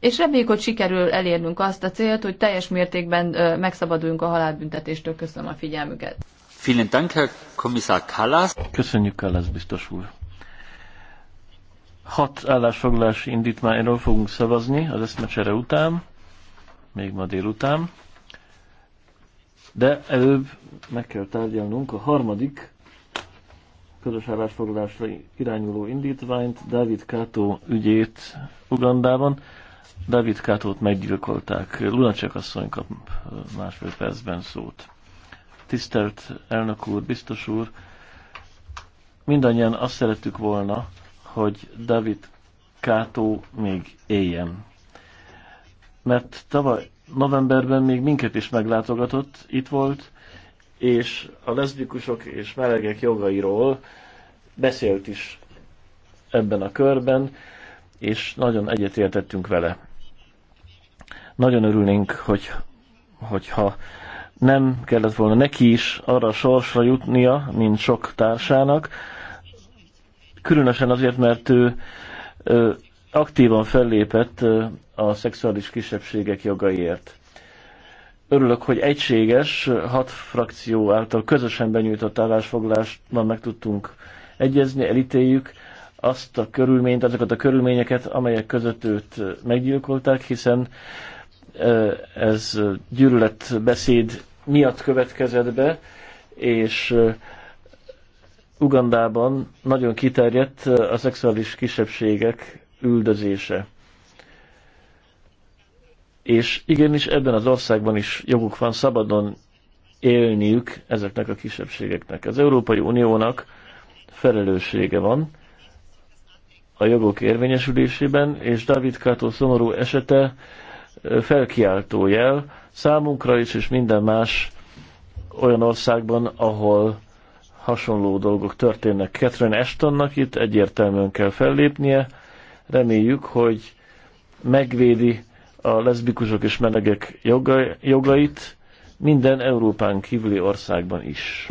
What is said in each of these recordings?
és reméljük, hogy sikerül elérnünk azt a célt, hogy teljes mértékben megszabaduljunk a halálbüntetéstől. Köszönöm a figyelmüket. Vielen Dank, Herr Kommissar Kallas. Köszönjük, Kallas biztos úr. Hat állásfoglalási indítmányról fogunk szavazni az eszmecsere után, még ma délután. De előbb meg kell tárgyalnunk a harmadik közös állásfoglalásra irányuló indítványt, David Kato ügyét Ugandában. David Kátót meggyilkolták. Lunacek asszony kap másfél percben szót. Tisztelt elnök úr, biztos úr, mindannyian azt szerettük volna, hogy David Kátó még éljen. Mert tavaly novemberben még minket is meglátogatott, itt volt, és a leszbikusok és melegek jogairól beszélt is ebben a körben, és nagyon egyetértettünk vele. Nagyon örülnénk, hogy, hogyha nem kellett volna neki is arra a sorsra jutnia, mint sok társának, különösen azért, mert ő ö, aktívan fellépett ö, a szexuális kisebbségek jogaiért. Örülök, hogy egységes, hat frakció által közösen benyújtott állásfoglásban meg tudtunk egyezni, elítéljük azt a körülményt, azokat a körülményeket, amelyek között őt meggyilkolták, hiszen ez gyűlöletbeszéd miatt következett be, és Ugandában nagyon kiterjedt a szexuális kisebbségek üldözése. És igenis ebben az országban is joguk van szabadon élniük ezeknek a kisebbségeknek. Az Európai Uniónak felelőssége van a jogok érvényesülésében, és David Kato szomorú esete felkiáltó jel számunkra is, és minden más olyan országban, ahol hasonló dolgok történnek. Catherine Ashtonnak itt egyértelműen kell fellépnie. Reméljük, hogy megvédi a leszbikusok és melegek jogait minden Európán kívüli országban is.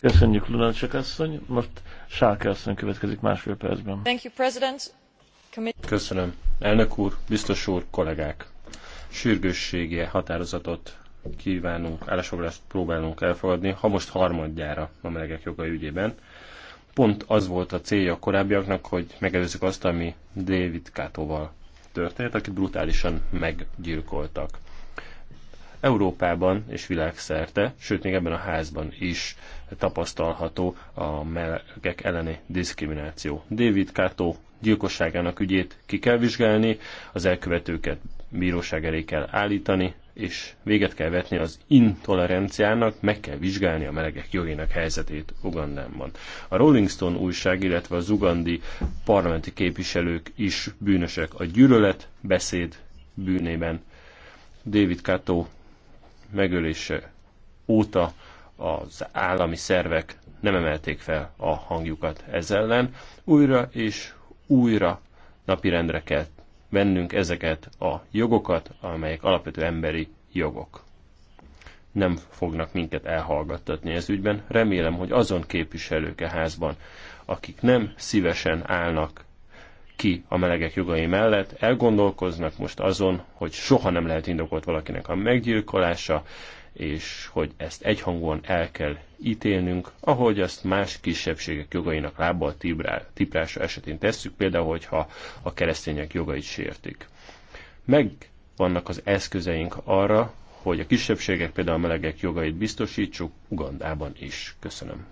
Köszönjük, Lunacek asszony. Most Sáke asszony következik másfél percben. Thank you, President. Köszönöm. Elnök úr, biztos úr, kollégák! Sürgősségi határozatot kívánunk, állásfoglalást próbálunk elfogadni, ha most harmadjára a melegek joga ügyében. Pont az volt a célja a korábbiaknak, hogy megelőzzük azt, ami David Kátóval történt, akit brutálisan meggyilkoltak. Európában és világszerte, sőt még ebben a házban is tapasztalható a melegek elleni diszkrimináció. David Kato gyilkosságának ügyét ki kell vizsgálni, az elkövetőket bíróság elé kell állítani, és véget kell vetni az intoleranciának, meg kell vizsgálni a melegek jogének helyzetét Ugandában. A Rolling Stone újság, illetve az ugandi parlamenti képviselők is bűnösek a gyűlölet beszéd bűnében. David Kato megölése óta az állami szervek nem emelték fel a hangjukat ez ellen. Újra és újra napirendre kell vennünk ezeket a jogokat, amelyek alapvető emberi jogok. Nem fognak minket elhallgattatni ez ügyben. Remélem, hogy azon képviselők a e házban, akik nem szívesen állnak ki a melegek jogai mellett, elgondolkoznak most azon, hogy soha nem lehet indokolt valakinek a meggyilkolása, és hogy ezt egyhangúan el kell ítélnünk, ahogy azt más kisebbségek jogainak a tiprása esetén tesszük, például, hogyha a keresztények jogait sértik. Meg vannak az eszközeink arra, hogy a kisebbségek, például a melegek jogait biztosítsuk Ugandában is. Köszönöm.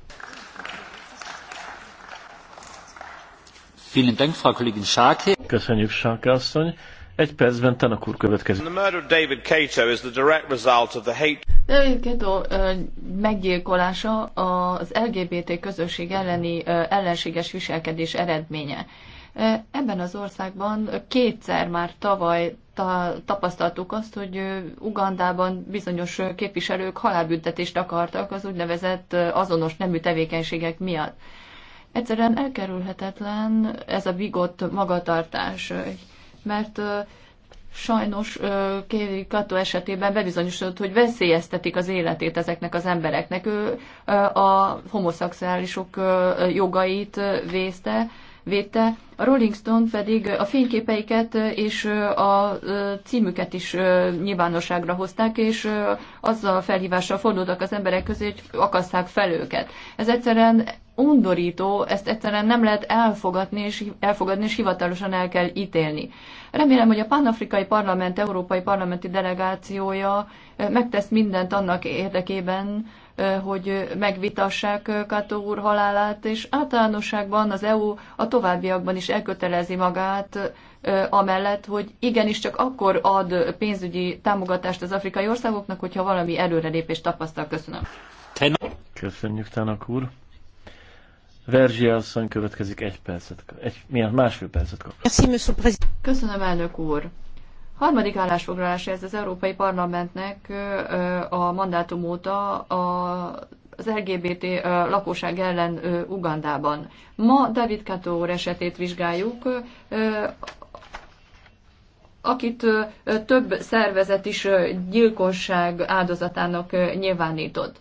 Köszönjük, Sáke asszony. Egy percben Tanak úr következik. The murder of David Cato is the direct result of the hate... David Cato meggyilkolása az LGBT közösség elleni ellenséges viselkedés eredménye. Ebben az országban kétszer már tavaly tapasztaltuk azt, hogy Ugandában bizonyos képviselők halálbüntetést akartak az úgynevezett azonos nemű tevékenységek miatt Egyszerűen elkerülhetetlen ez a bigott magatartás, mert sajnos Kéri Kato esetében bebizonyosodott, hogy veszélyeztetik az életét ezeknek az embereknek. Ő a homoszexuálisok jogait vészte, védte, a Rolling Stone pedig a fényképeiket és a címüket is nyilvánosságra hozták, és azzal a felhívással fordultak az emberek közé, hogy akasszák fel őket. Ez egyszerűen undorító, ezt egyszerűen nem lehet elfogadni és, elfogadni, és hivatalosan el kell ítélni. Remélem, hogy a Pánafrikai Parlament Európai Parlamenti Delegációja megtesz mindent annak érdekében, hogy megvitassák kato úr halálát, és általánosságban az EU a továbbiakban is elkötelezi magát amellett, hogy igenis csak akkor ad pénzügyi támogatást az afrikai országoknak, hogyha valami előrelépést tapasztal. Köszönöm. Köszönjük, Tának úr. Verzsia asszony következik egy percet, egy, milyen másfél percet kap. Köszönöm, elnök úr. Harmadik állásfoglalása ez az Európai Parlamentnek a mandátum óta az LGBT lakóság ellen Ugandában. Ma David Kato esetét vizsgáljuk, akit több szervezet is gyilkosság áldozatának nyilvánított.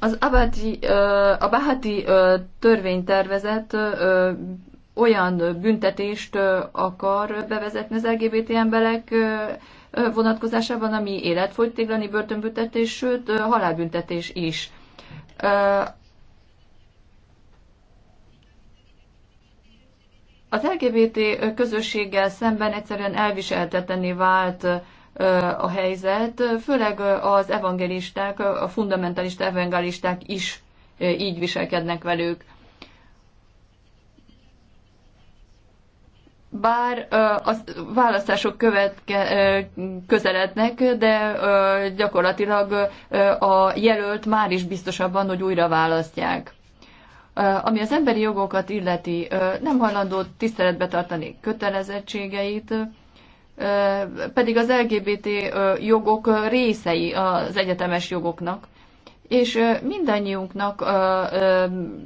Az Abati, a Bahati törvénytervezet olyan büntetést akar bevezetni az LGBT emberek vonatkozásában, ami életfogytiglani börtönbüntetés, sőt halálbüntetés is. Az LGBT közösséggel szemben egyszerűen elviseltetlenné vált a helyzet, főleg az evangelisták, a fundamentalista evangelisták is így viselkednek velük. bár a választások követke, közelednek, de gyakorlatilag a jelölt már is biztosabban, hogy újra választják. Ami az emberi jogokat illeti, nem hajlandó tiszteletbe tartani kötelezettségeit, pedig az LGBT jogok részei az egyetemes jogoknak és mindannyiunknak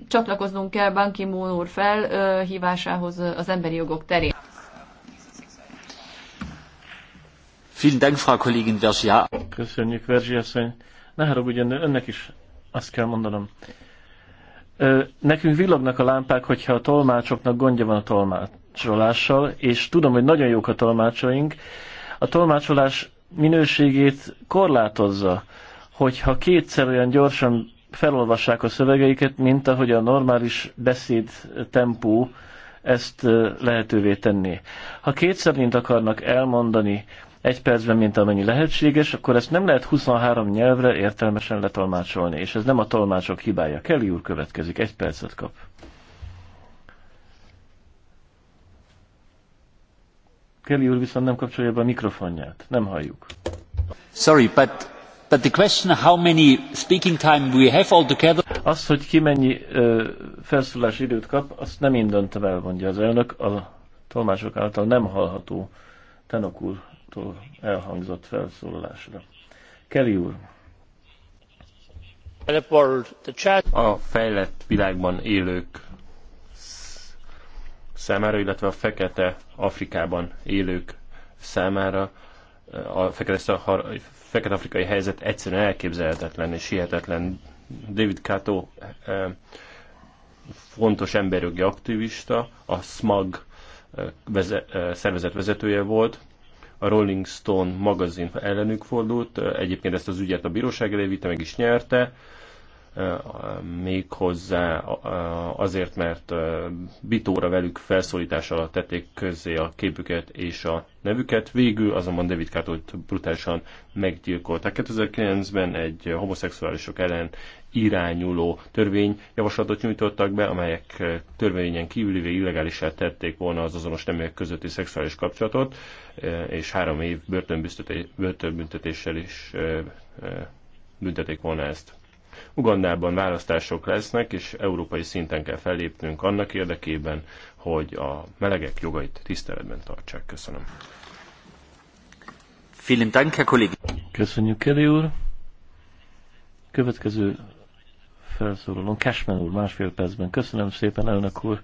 csatlakoznunk kell Ban Ki-moon úr felhívásához az emberi jogok terén. Köszönjük, Verzsi asszony. Ne haragudjon, önnek is azt kell mondanom. Nekünk villognak a lámpák, hogyha a tolmácsoknak gondja van a tolmácsolással, és tudom, hogy nagyon jók a tolmácsaink. A tolmácsolás minőségét korlátozza hogyha kétszer olyan gyorsan felolvassák a szövegeiket, mint ahogy a normális beszéd tempó ezt lehetővé tenni. Ha kétszer mint akarnak elmondani egy percben, mint amennyi lehetséges, akkor ezt nem lehet 23 nyelvre értelmesen letolmácsolni, és ez nem a tolmácsok hibája. Kelly úr következik, egy percet kap. Kelly úr viszont nem kapcsolja be a mikrofonját, nem halljuk. Sorry, but But the question how many speaking time we have altogether... Azt, hogy ki mennyi ö, felszólás időt kap, azt nem én döntöm el, mondja az elnök. A tolmások által nem hallható Tenok úrtól elhangzott felszólalásra. Kelly úr. A fejlett világban élők számára, illetve a fekete Afrikában élők számára, a fekete, fekete-afrikai helyzet egyszerűen elképzelhetetlen és hihetetlen. David Kato eh, fontos emberjogi aktivista, a SMAG eh, eh, szervezet vezetője volt, a Rolling Stone magazin ellenük fordult, egyébként ezt az ügyet a bíróság elé vitte, meg is nyerte, méghozzá azért, mert bitóra velük felszólítás alatt tették közzé a képüket és a nevüket. Végül azonban David Cartot brutálisan meggyilkolták. 2009-ben egy homoszexuálisok ellen irányuló törvényjavaslatot nyújtottak be, amelyek törvényen kívülivé illegálisá tették volna az azonos neműek közötti szexuális kapcsolatot, és három év börtönbüntetéssel is büntették volna ezt. Ugandában választások lesznek, és európai szinten kell fellépnünk annak érdekében, hogy a melegek jogait tiszteletben tartsák. Köszönöm. Vielen Dank, Herr Kollege. Köszönjük, Kelly úr. Következő felszólalón Cashman úr másfél percben. Köszönöm szépen, elnök úr.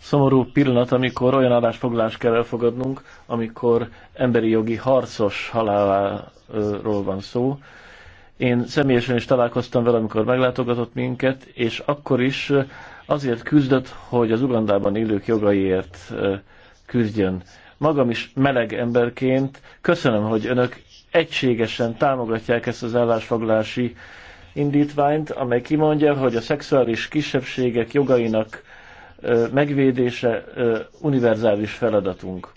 Szomorú pillanat, amikor olyan állásfoglalást kell elfogadnunk, amikor emberi jogi harcos haláláról van szó. Én személyesen is találkoztam vele, amikor meglátogatott minket, és akkor is azért küzdött, hogy az Ugandában élők jogaiért küzdjön. Magam is meleg emberként köszönöm, hogy önök egységesen támogatják ezt az állásfoglalási indítványt, amely kimondja, hogy a szexuális kisebbségek jogainak megvédése univerzális feladatunk.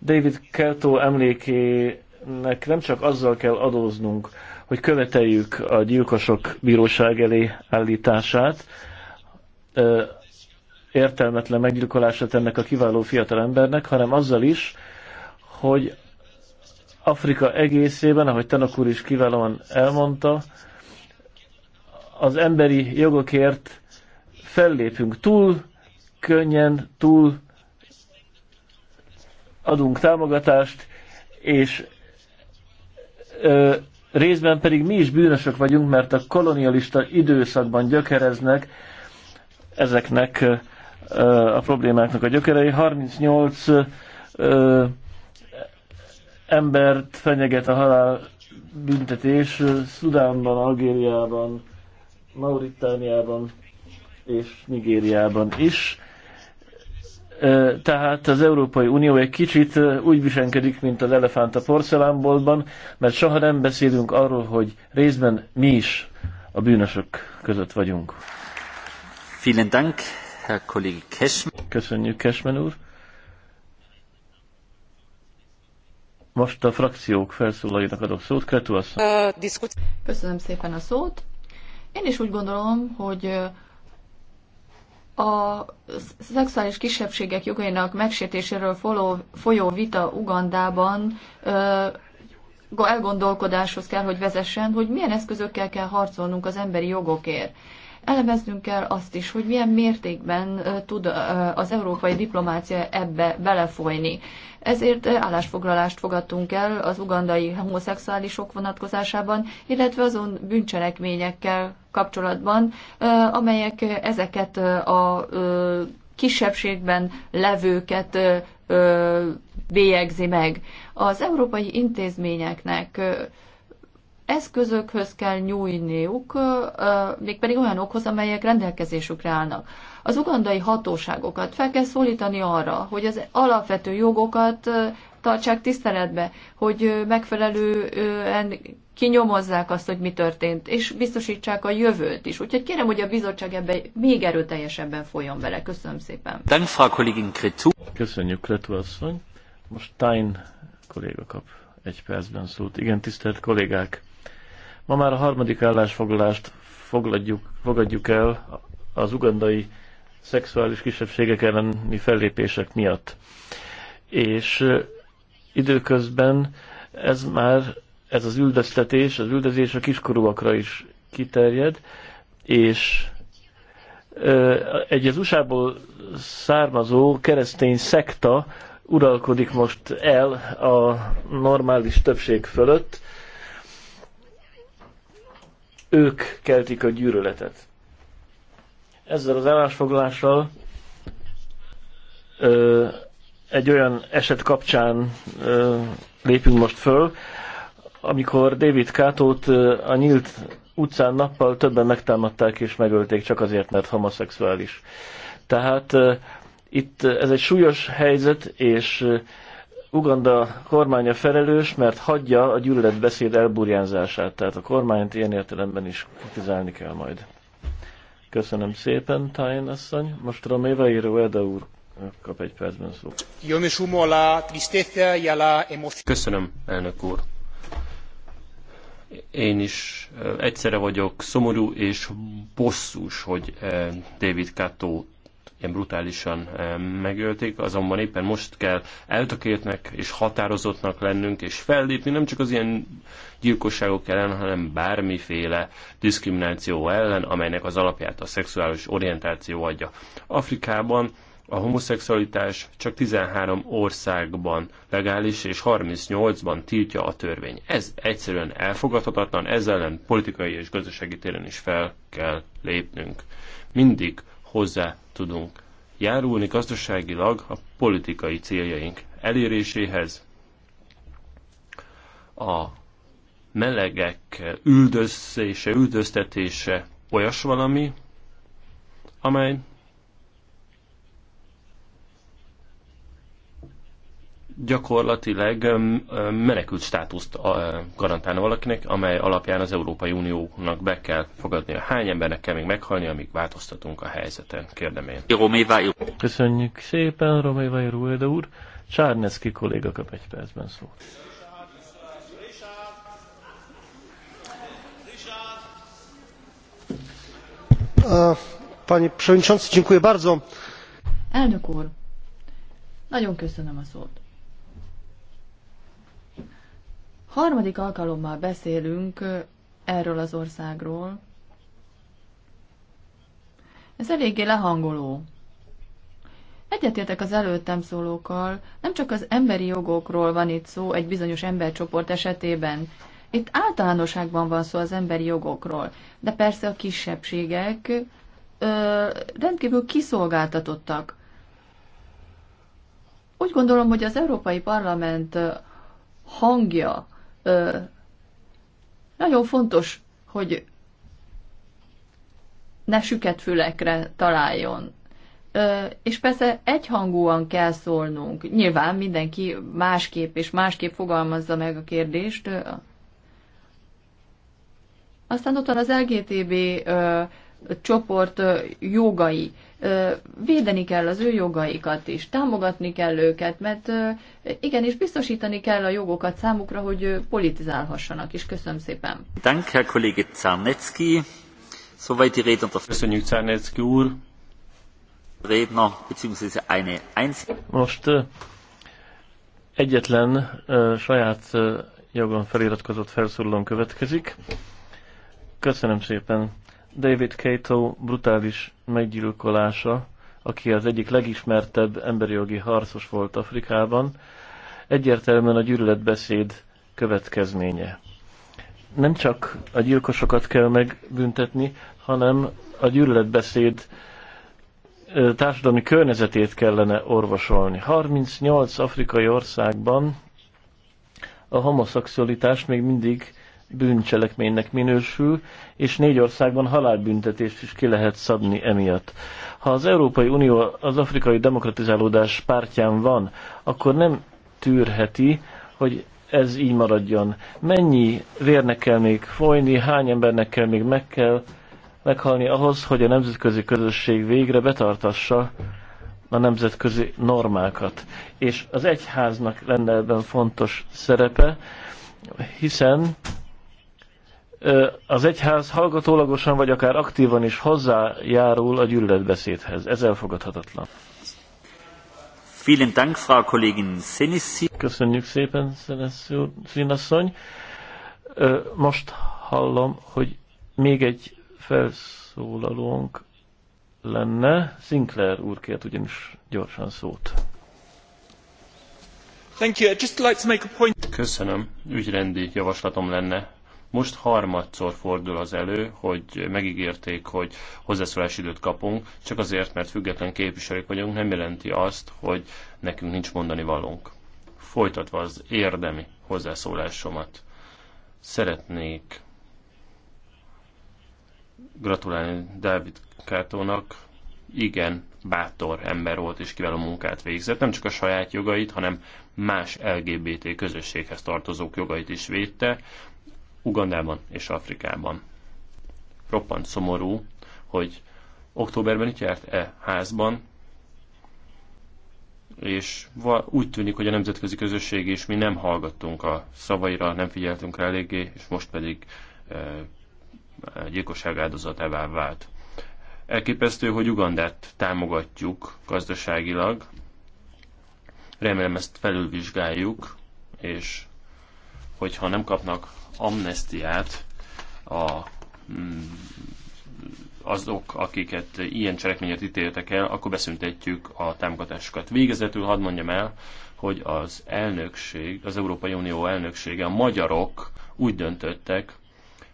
David Kelto emlékének nem csak azzal kell adóznunk, hogy követeljük a gyilkosok bíróság elé állítását. Értelmetlen meggyilkolását ennek a kiváló fiatal embernek, hanem azzal is, hogy Afrika egészében, ahogy Tanak úr is kiválóan elmondta, az emberi jogokért fellépünk túl könnyen, túl adunk támogatást, és ö, Részben pedig mi is bűnösök vagyunk, mert a kolonialista időszakban gyökereznek ezeknek a problémáknak a gyökerei. 38 embert fenyeget a halál büntetés Szudánban, Algériában, Mauritániában és Nigériában is tehát az Európai Unió egy kicsit úgy viselkedik, mint az elefánt a porcelánboltban, mert soha nem beszélünk arról, hogy részben mi is a bűnösök között vagyunk. Vielen Dank, Herr Kollege Köszönjük, Cashman úr. Most a frakciók felszólalóinak adok szót. Kretu Köszönöm szépen a szót. Én is úgy gondolom, hogy a szexuális kisebbségek jogainak megsértéséről folyó vita Ugandában elgondolkodáshoz kell, hogy vezessen, hogy milyen eszközökkel kell harcolnunk az emberi jogokért elemeznünk kell azt is, hogy milyen mértékben tud az európai diplomácia ebbe belefolyni. Ezért állásfoglalást fogadtunk el az ugandai homoszexuálisok vonatkozásában, illetve azon bűncselekményekkel kapcsolatban, amelyek ezeket a kisebbségben levőket bélyegzi meg. Az európai intézményeknek eszközökhöz kell nyújniuk, mégpedig olyanokhoz, amelyek rendelkezésükre állnak. Az ugandai hatóságokat fel kell szólítani arra, hogy az alapvető jogokat tartsák tiszteletbe, hogy megfelelően kinyomozzák azt, hogy mi történt, és biztosítsák a jövőt is. Úgyhogy kérem, hogy a bizottság ebbe még erőteljesebben folyjon vele. Köszönöm szépen. Köszönjük, Kretu asszony. Most Tain kolléga kap egy percben szót. Igen, tisztelt kollégák! Ma már a harmadik állásfoglalást fogadjuk, fogadjuk el az ugandai szexuális kisebbségek elleni fellépések miatt. És időközben ez már, ez az üldöztetés, az üldözés a kiskorúakra is kiterjed, és egy az USA-ból származó keresztény szekta uralkodik most el a normális többség fölött, ők keltik a gyűlöletet. Ezzel az állásfoglással ö, egy olyan eset kapcsán ö, lépünk most föl, amikor David Kátót a nyílt utcán nappal többen megtámadták és megölték csak azért, mert homoszexuális. Tehát ö, itt ez egy súlyos helyzet, és Uganda kormánya felelős, mert hagyja a gyűlöletbeszéd elburjánzását, tehát a kormányt ilyen értelemben is kritizálni kell majd. Köszönöm szépen, Tájén asszony. Most Roméva Irueda úr kap egy percben szót. Köszönöm, elnök úr. Én is egyszerre vagyok szomorú és bosszus, hogy David Kato ilyen brutálisan eh, megölték, azonban éppen most kell eltökéltnek és határozottnak lennünk, és fellépni nem csak az ilyen gyilkosságok ellen, hanem bármiféle diszkrimináció ellen, amelynek az alapját a szexuális orientáció adja. Afrikában a homoszexualitás csak 13 országban legális, és 38-ban tiltja a törvény. Ez egyszerűen elfogadhatatlan, ezzel ellen politikai és gazdasági téren is fel kell lépnünk. Mindig hozzá tudunk járulni gazdaságilag a politikai céljaink eléréséhez. A melegek üldözése, üldöztetése olyas valami, amely gyakorlatilag menekült státuszt garantálna valakinek, amely alapján az Európai Uniónak be kell fogadnia. Hány embernek kell még meghalni, amíg változtatunk a helyzeten? Kérdem én. Köszönjük szépen, Romévai Rueda úr. Csárneszki kolléga kap egy percben szó. Panie Przewodniczący, dziękuję bardzo. Elnök úr, nagyon köszönöm a szót. Harmadik alkalommal beszélünk erről az országról. Ez eléggé lehangoló. Egyetértek az előttem szólókkal, nem csak az emberi jogokról van itt szó egy bizonyos embercsoport esetében. Itt általánosságban van szó az emberi jogokról, de persze a kisebbségek ö, rendkívül kiszolgáltatottak. Úgy gondolom, hogy az Európai Parlament hangja nagyon fontos, hogy ne süket fülekre találjon. És persze egyhangúan kell szólnunk. Nyilván mindenki másképp és másképp fogalmazza meg a kérdést. Aztán ott van az LGTB csoport jogai. Védeni kell az ő jogaikat is, támogatni kell őket, mert igenis biztosítani kell a jogokat számukra, hogy politizálhassanak is. Köszönöm szépen. Dank, Herr Kollege Czarnecki. Soweit die Redner. Köszönjük, Czarnecki úr. Redner, beziehungsweise eine Most egyetlen saját jogon feliratkozott felszólalom következik. Köszönöm szépen David Cato brutális meggyilkolása, aki az egyik legismertebb emberi jogi harcos volt Afrikában, egyértelműen a gyűlöletbeszéd következménye. Nem csak a gyilkosokat kell megbüntetni, hanem a gyűlöletbeszéd társadalmi környezetét kellene orvosolni. 38 afrikai országban a homoszexualitás még mindig bűncselekménynek minősül, és négy országban halálbüntetést is ki lehet szabni emiatt. Ha az Európai Unió az afrikai demokratizálódás pártján van, akkor nem tűrheti, hogy ez így maradjon. Mennyi vérnek kell még folyni, hány embernek kell még meg kell meghalni ahhoz, hogy a nemzetközi közösség végre betartassa a nemzetközi normákat. És az egyháznak lenne ebben fontos szerepe, hiszen az egyház hallgatólagosan vagy akár aktívan is hozzájárul a gyűlöletbeszédhez. Ez elfogadhatatlan. Vielen Dank, Frau Kollegin Szeniszi. Köszönjük szépen, szinasszony. Most hallom, hogy még egy felszólalónk lenne. Sinclair úr kért ugyanis gyorsan szót. Thank you. I'd just like to make a point. Köszönöm. Ügyrendi javaslatom lenne most harmadszor fordul az elő, hogy megígérték, hogy hozzászólási időt kapunk, csak azért, mert független képviselők vagyunk, nem jelenti azt, hogy nekünk nincs mondani valónk. Folytatva az érdemi hozzászólásomat, szeretnék gratulálni Dávid Kátónak, igen, bátor ember volt és kiváló munkát végzett, nem csak a saját jogait, hanem más LGBT közösséghez tartozók jogait is védte, Ugandában és Afrikában. Roppant szomorú, hogy októberben itt járt e házban, és úgy tűnik, hogy a nemzetközi közösség és mi nem hallgattunk a szavaira, nem figyeltünk rá eléggé, és most pedig e, gyilkosság áldozatává vált. Elképesztő, hogy Ugandát támogatjuk gazdaságilag. Remélem ezt felülvizsgáljuk, és hogyha nem kapnak amnestiát a, mm, azok, akiket ilyen cselekményet ítéltek el, akkor beszüntetjük a támogatásokat. Végezetül hadd mondjam el, hogy az elnökség, az Európai Unió elnöksége, a magyarok úgy döntöttek,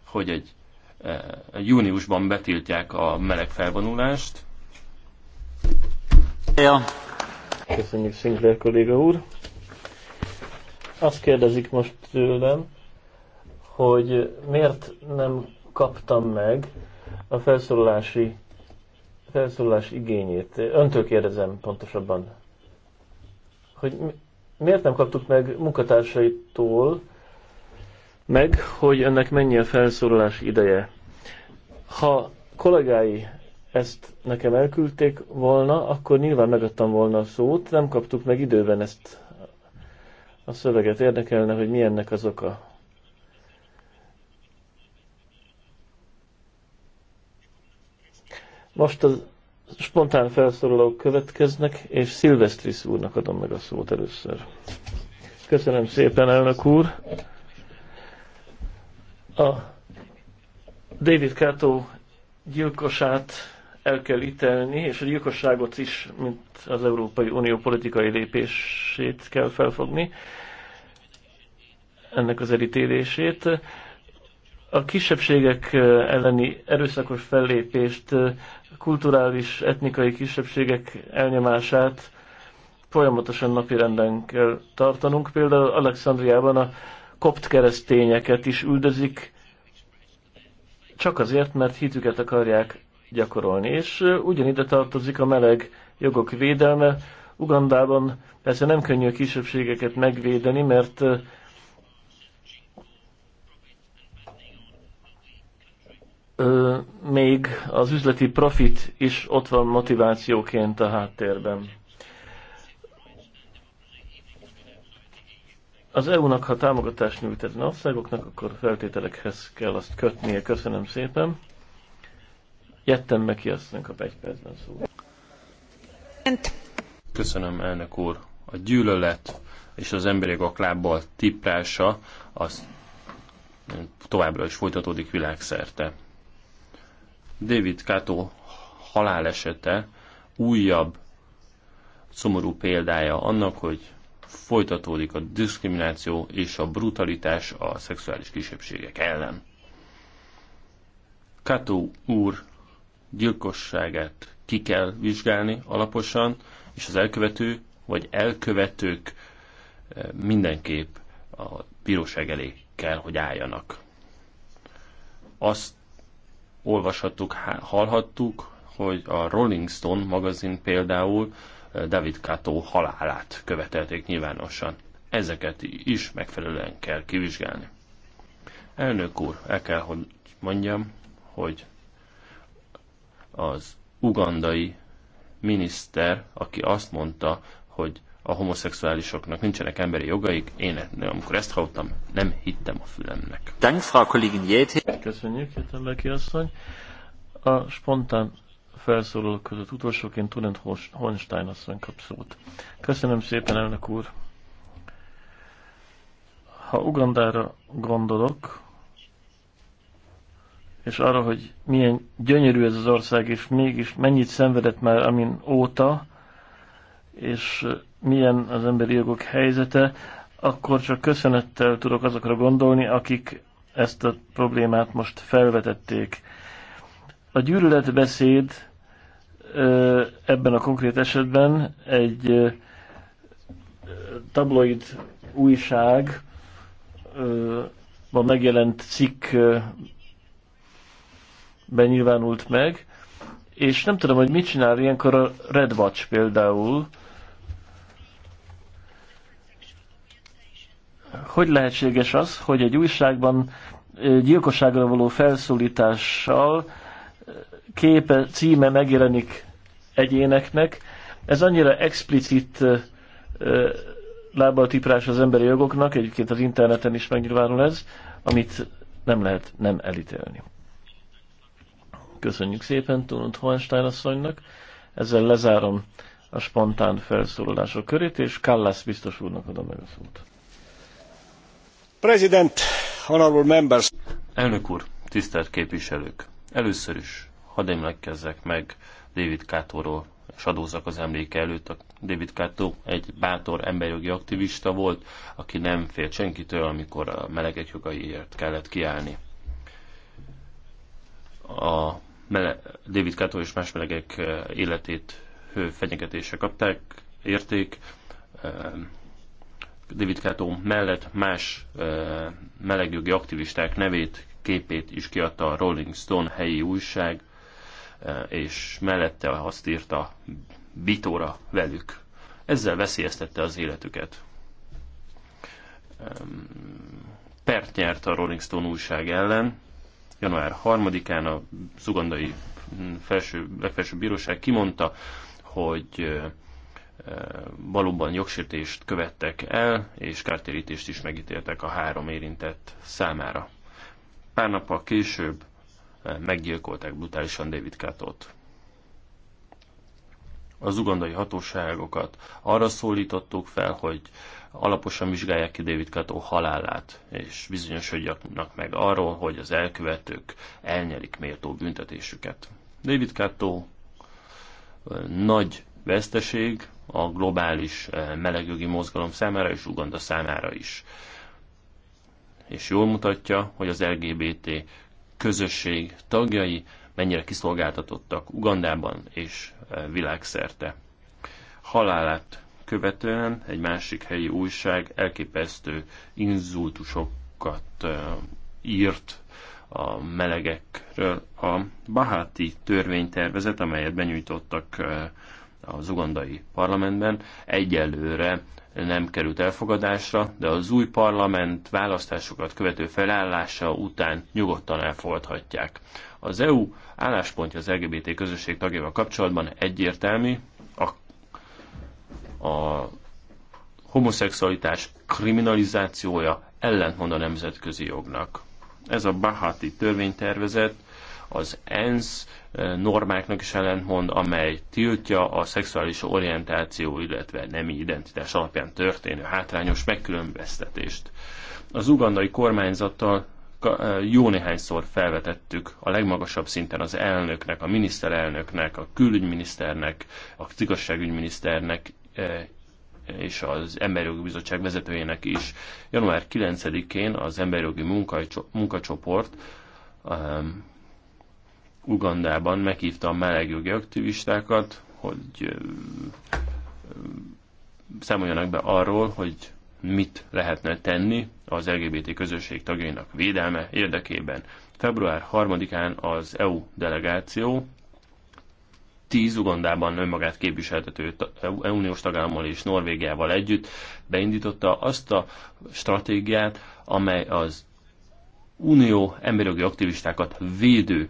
hogy egy e, júniusban betiltják a meleg felvonulást. Ja. Köszönjük szinkler kolléga úr. Azt kérdezik most tőlem, hogy miért nem kaptam meg a felszólalási felszólalás igényét. Öntől kérdezem pontosabban, hogy miért nem kaptuk meg munkatársaitól meg, hogy ennek mennyi a felszólalás ideje. Ha kollégái ezt nekem elküldték volna, akkor nyilván megadtam volna a szót, nem kaptuk meg időben ezt a szöveget. Érdekelne, hogy milyennek az oka. Most a spontán felszólalók következnek, és Szilvesztris úrnak adom meg a szót először. Köszönöm szépen, elnök úr! A David Kato gyilkosát el kell ítelni, és a gyilkosságot is, mint az Európai Unió politikai lépését kell felfogni, ennek az elítélését. A kisebbségek elleni erőszakos fellépést, kulturális, etnikai kisebbségek elnyomását folyamatosan napirenden kell tartanunk. Például Alexandriában a kopt keresztényeket is üldözik, csak azért, mert hitüket akarják gyakorolni. És ugyanide tartozik a meleg jogok védelme. Ugandában persze nem könnyű a kisebbségeket megvédeni, mert még az üzleti profit is ott van motivációként a háttérben. Az EU-nak, ha támogatást nyújt ezen országoknak, akkor feltételekhez kell azt kötnie. Köszönöm szépen. Jettem meg ki azt a egy percben szó. Köszönöm, elnök úr. A gyűlölet és az emberi lábbal tiprása az továbbra is folytatódik világszerte. David Kato halálesete újabb szomorú példája annak, hogy folytatódik a diszkrimináció és a brutalitás a szexuális kisebbségek ellen. Kato úr gyilkosságát ki kell vizsgálni alaposan, és az elkövető vagy elkövetők eh, mindenképp a bíróság elé kell, hogy álljanak. Azt olvashattuk, hallhattuk, hogy a Rolling Stone magazin például David Kato halálát követelték nyilvánosan. Ezeket is megfelelően kell kivizsgálni. Elnök úr, el kell, hogy mondjam, hogy az ugandai miniszter, aki azt mondta, hogy a homoszexuálisoknak nincsenek emberi jogaik. Én e- amikor ezt hallottam, nem hittem a fülemnek. Dank, Frau Kollegin Jéthé. Köszönjük, asszony. A spontán felszólalók között utolsóként Tudent Hornstein asszony kap szót. Köszönöm szépen, elnök úr. Ha Ugandára gondolok, és arra, hogy milyen gyönyörű ez az ország, és mégis mennyit szenvedett már amin óta, és milyen az emberi jogok helyzete, akkor csak köszönettel tudok azokra gondolni, akik ezt a problémát most felvetették. A gyűlöletbeszéd ebben a konkrét esetben egy tabloid újság, ma megjelent cikk benyilvánult meg, és nem tudom, hogy mit csinál ilyenkor a Red Watch például, hogy lehetséges az, hogy egy újságban gyilkosságra való felszólítással képe, címe megjelenik egyéneknek. Ez annyira explicit lábbal tiprás az emberi jogoknak, egyébként az interneten is megnyilvánul ez, amit nem lehet nem elítélni. Köszönjük szépen Tónut Hohenstein asszonynak. Ezzel lezárom a spontán felszólalások körét, és Kallász biztos úrnak adom meg a szót. Elnök úr, tisztelt képviselők! Először is hadd emlékezzek meg David Kátóról, és adózzak az emléke előtt. A David Kato egy bátor emberjogi aktivista volt, aki nem félt senkitől, amikor a melegek jogaiért kellett kiállni. A mele- David Kato és más melegek életét fenyegetése kapták, érték, David Kato mellett más melegjogi aktivisták nevét, képét is kiadta a Rolling Stone helyi újság, és mellette azt írta Bitóra velük. Ezzel veszélyeztette az életüket. Pert nyert a Rolling Stone újság ellen. Január 3-án a szugandai mm, felső, legfelsőbb bíróság kimondta, hogy valóban jogsértést követtek el, és kártérítést is megítéltek a három érintett számára. Pár nappal később eh, meggyilkolták brutálisan David Katot. Az ugandai hatóságokat arra szólítottuk fel, hogy alaposan vizsgálják ki David Kato halálát, és bizonyosodjanak meg arról, hogy az elkövetők elnyerik méltó büntetésüket. David Kato eh, nagy veszteség, a globális eh, melegjogi mozgalom számára és Uganda számára is. És jól mutatja, hogy az LGBT közösség tagjai mennyire kiszolgáltatottak Ugandában és eh, világszerte. Halálát követően egy másik helyi újság elképesztő inzultusokat eh, írt a melegekről. A Bahati törvénytervezet, amelyet benyújtottak az ugandai parlamentben egyelőre nem került elfogadásra, de az új parlament választásokat követő felállása után nyugodtan elfogadhatják. Az EU álláspontja az LGBT közösség tagjával kapcsolatban egyértelmű, a, a homoszexualitás kriminalizációja ellentmond a nemzetközi jognak. Ez a Bahati törvénytervezet az ENSZ eh, normáknak is ellentmond, amely tiltja a szexuális orientáció, illetve nemi identitás alapján történő hátrányos megkülönböztetést. Az ugandai kormányzattal eh, jó néhányszor felvetettük a legmagasabb szinten az elnöknek, a miniszterelnöknek, a külügyminiszternek, a igazságügyminiszternek eh, és az Emberjogi Bizottság vezetőjének is. Január 9-én az Emberjogi munkacsoport ehm, Ugandában meghívta a jogi aktivistákat, hogy számoljanak be arról, hogy mit lehetne tenni az LGBT közösség tagjainak védelme érdekében. Február 3-án az EU delegáció 10 Ugandában önmagát képviseltető e uniós tagállammal és Norvégiával együtt beindította azt a stratégiát, amely az unió emberi aktivistákat védő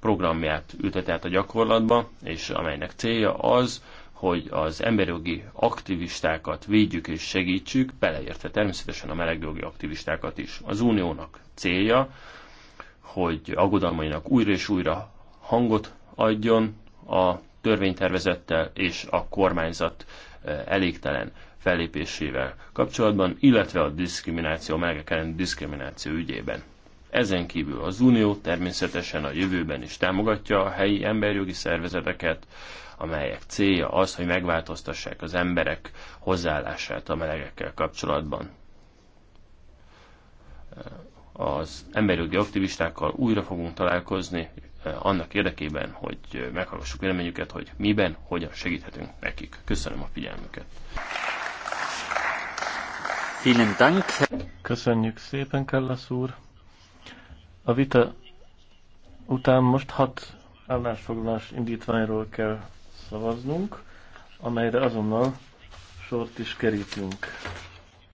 programját ültet át a gyakorlatba, és amelynek célja az, hogy az emberjogi aktivistákat védjük és segítsük, beleértve természetesen a melegjogi aktivistákat is. Az uniónak célja, hogy aggodalmainak újra és újra hangot adjon a törvénytervezettel és a kormányzat elégtelen fellépésével kapcsolatban, illetve a diszkrimináció, melegek elleni diszkrimináció ügyében. Ezen kívül az Unió természetesen a jövőben is támogatja a helyi emberjogi szervezeteket, amelyek célja az, hogy megváltoztassák az emberek hozzáállását a melegekkel kapcsolatban. Az emberjogi aktivistákkal újra fogunk találkozni, annak érdekében, hogy meghallgassuk véleményüket, hogy miben, hogyan segíthetünk nekik. Köszönöm a figyelmüket. Köszönjük szépen, Kellasz úr! A vita után most hat állásfoglalás indítványról kell szavaznunk, amelyre azonnal sort is kerítünk.